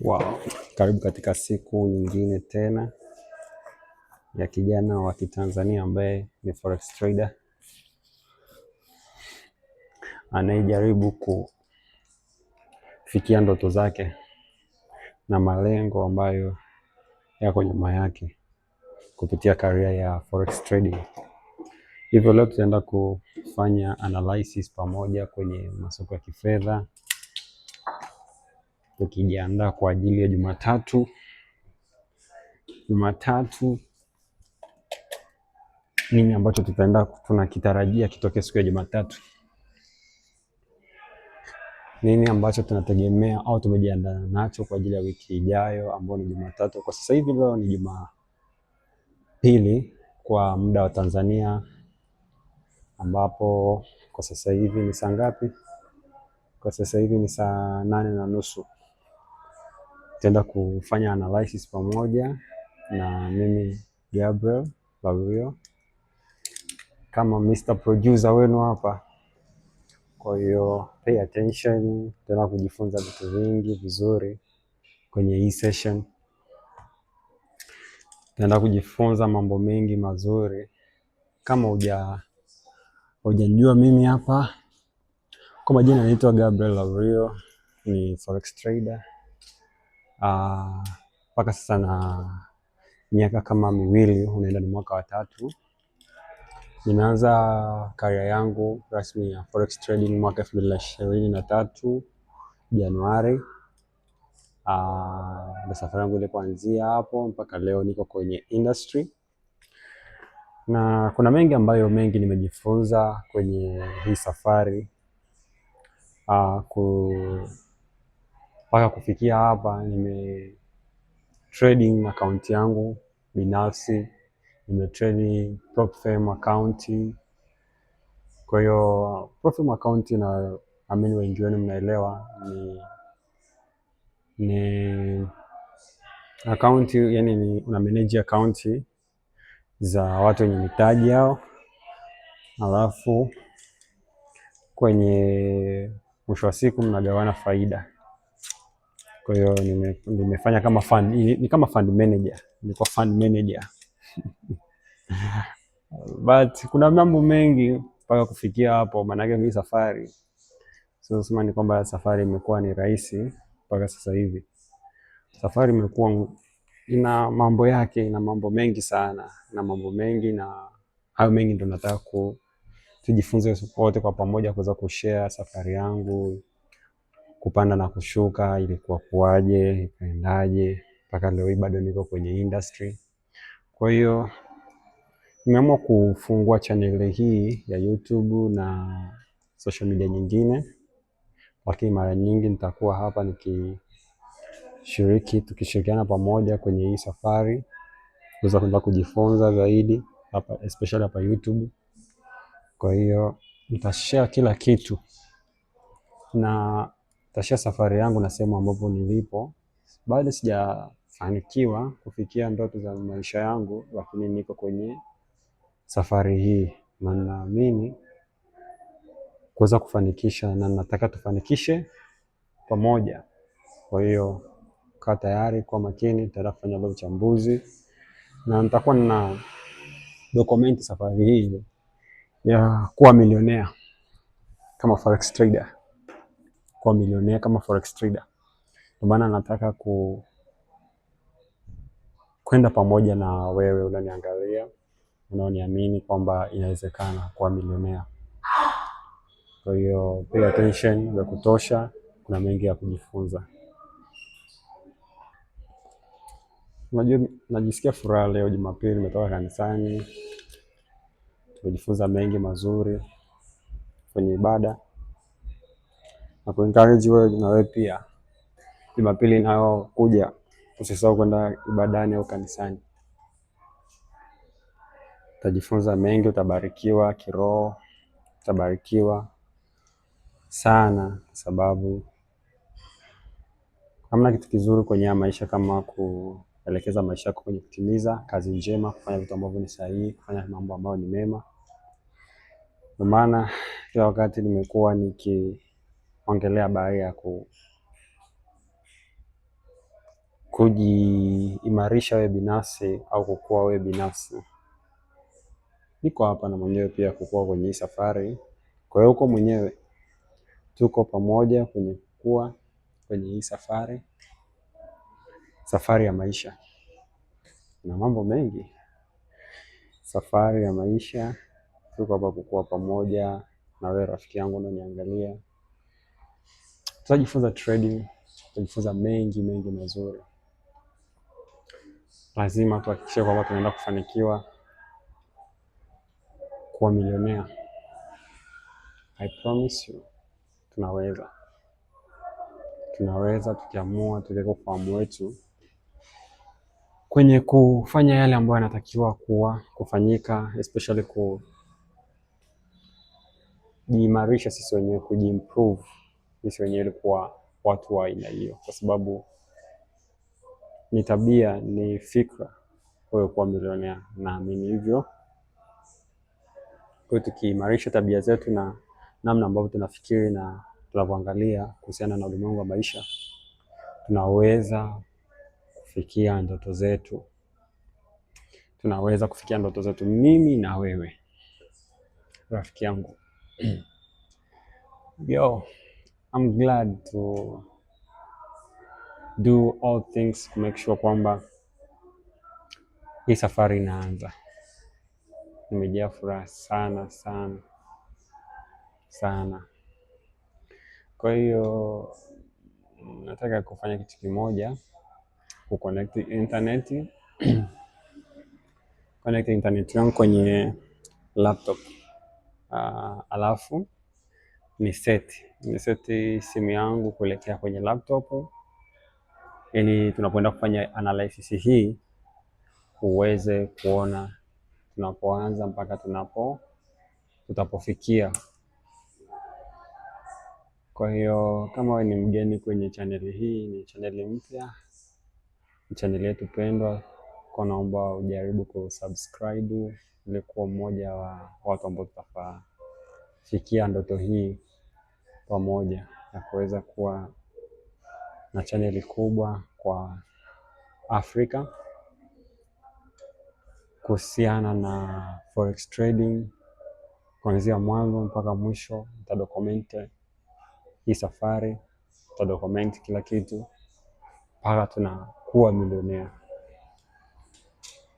Wow. Karibu katika siku nyingine tena ya kijana wa Kitanzania ambaye ni forex trader anayejaribu kufikia ndoto zake na malengo ambayo yako nyuma yake kupitia karia ya forex trading. Hivyo leo tutaenda kufanya analysis pamoja kwenye masoko ya kifedha ukijiandaa kwa ajili ya Jumatatu. Jumatatu nini ambacho tutaenda tunakitarajia kitoke siku ya Jumatatu? Nini ambacho tunategemea au tumejiandaa nacho kwa ajili ya wiki ijayo ambayo ni Jumatatu? Kwa sasa hivi leo ni Jumapili kwa muda wa Tanzania, ambapo kwa sasa hivi ni saa ngapi? Kwa sasa hivi ni saa nane na nusu tutaenda kufanya analysis pamoja na mimi Gabriel Bagurio kama Mr. Producer wenu hapa. Kwa hiyo pay attention, tutaenda kujifunza vitu vingi vizuri kwenye hii session. Tutaenda kujifunza mambo mengi mazuri. Kama uja hujanijua mimi hapa, kwa majina naitwa Gabriel Bagurio, ni forex trader Ah, mpaka sasa na miaka kama miwili, unaenda ni mwaka wa tatu. Nimeanza karia yangu rasmi ya forex trading mwaka elfu mbili na ishirini na tatu Januari. Ah, na safari yangu ile kuanzia hapo mpaka leo niko kwenye industry na kuna mengi ambayo mengi nimejifunza kwenye hii safari aa, ah, ku mpaka kufikia hapa nime trading account yangu binafsi, nime trading firm account. Kwa hiyo firm account na amini wengi wenu mnaelewa ni ni account yani ni una manage account za watu wenye mitaji yao, alafu kwenye mwisho wa siku mnagawana faida. Kwa hiyo nime, nimefanya kama fund, ni kama fund manager, nilikuwa fund manager but kuna mambo mengi mpaka kufikia hapo, maanake hii safari siwezi sema ni kwamba safari imekuwa ni rahisi mpaka sasa hivi. Safari imekuwa ina mambo yake, ina mambo mengi sana, na mambo mengi, na hayo mengi ndo nataka ku tujifunze wote kwa pamoja, kuweza kushare safari yangu kupanda na kushuka ilikuwa kuwaje, ikaendaje mpaka leo hii bado niko kwenye industry. Kwa hiyo nimeamua kufungua chaneli hii ya YouTube na social media nyingine, lakini mara nyingi nitakuwa hapa nikishiriki, tukishirikiana pamoja kwenye hii safari kuweza kwenda kujifunza zaidi hapa, especially hapa YouTube. Kwa hiyo nitashare kila kitu na tashia safari yangu na sehemu ambapo nilipo. Bado sijafanikiwa kufikia ndoto za maisha yangu, lakini niko kwenye safari hii na ninaamini kuweza kufanikisha, na nataka tufanikishe pamoja. Kwa hiyo kaa tayari, kwa makini, nitaenda kufanya leo uchambuzi na nitakuwa na dokumenti safari hii ya kuwa milionea kama forex trader kuwa milionea kama forex trader. Ndio maana nataka ku kwenda pamoja na wewe unaniangalia, unaoniamini kwamba inawezekana kuwa milionea. Kwa hiyo pay attention ya kutosha, kuna mengi ya kujifunza. Unajua, najisikia furaha leo Jumapili, nimetoka kanisani, tumejifunza mengi mazuri kwenye ibada na kuencourage wewe na wewe pia, Jumapili inayokuja usisahau kwenda ibadani au kanisani. Utajifunza mengi, utabarikiwa kiroho, utabarikiwa sana, kwa sababu hamna kitu kizuri kwenye maisha kama kuelekeza maisha yako kwenye kutimiza kazi njema, kufanya vitu ambavyo ni sahihi, kufanya mambo ambayo ni mema. Ndio maana kila wakati nimekuwa niki ongelea habari ya ku kujiimarisha wewe binafsi au kukua wewe binafsi. Niko hapa na mwenyewe pia kukua kwenye hii safari, kwa hiyo uko mwenyewe, tuko pamoja kwenye kukua kwenye hii safari, safari ya maisha na mambo mengi, safari ya maisha. Tuko hapa kukua pamoja na wewe rafiki yangu unaniangalia Tutajifunza trading, tutajifunza mengi mengi mazuri. Lazima tuhakikishe kwamba tunaenda kufanikiwa kuwa milionea. I promise you, tunaweza tunaweza tukiamua, tukiweka ufahamu wetu kwenye kufanya yale ambayo yanatakiwa kuwa kufanyika, especially kujiimarisha sisi wenyewe, kujiimprove sisi wenyewe ilikuwa watu wa aina hiyo, kwa sababu ni tabia, ni fikra wewe kuwa milionea, naamini hivyo. Kwa hiyo tukiimarisha tabia zetu na namna ambavyo tunafikiri na tunavyoangalia kuhusiana na ulimwengu wa maisha, tunaweza kufikia ndoto zetu, tunaweza kufikia ndoto zetu, mimi na wewe, rafiki yangu yo I'm glad to do all things to make sure kwamba hii safari inaanza. Nimejaa furaha sana sana sana. Kwa hiyo nataka kufanya kitu kimoja, kuconnect internet connect internet yangu kwenye laptop uh, alafu ni seti ni seti simu yangu kuelekea kwenye laptop, ili yaani tunapoenda kufanya analysis hii uweze kuona tunapoanza mpaka tunapo tutapofikia. Kwa hiyo kama wewe ni mgeni kwenye chaneli hii, ni chaneli mpya, ni chaneli yetu pendwa, kwa naomba ujaribu kusubscribe ili kuwa mmoja wa watu ambao tutafikia ndoto hii pamoja na kuweza kuwa na chaneli kubwa kwa Afrika kuhusiana na forex trading kuanzia mwanzo mpaka mwisho. Nitadokumente hii safari, nitadokumente kila kitu mpaka tunakuwa milionea.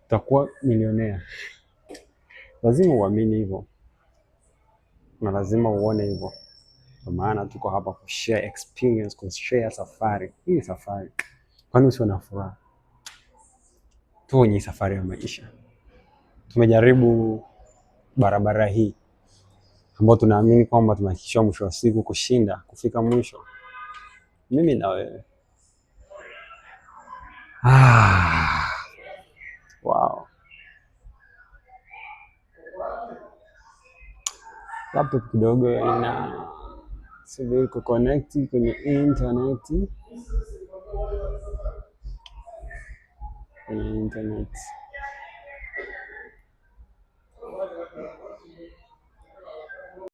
Tutakuwa milionea, lazima uamini hivyo na lazima uone hivyo. Kwa maana tuko hapa share experience, share safari hii. Safari kwani usio na furaha tu kwenye safari ya maisha. Tumejaribu barabara hii ambayo tunaamini kwamba tunahakikishiwa mwisho wa siku kushinda kufika mwisho, mimi na wewe ah, wow. Laptop kidogo ina subiri kuconnect kwenye internet, kwenye internet.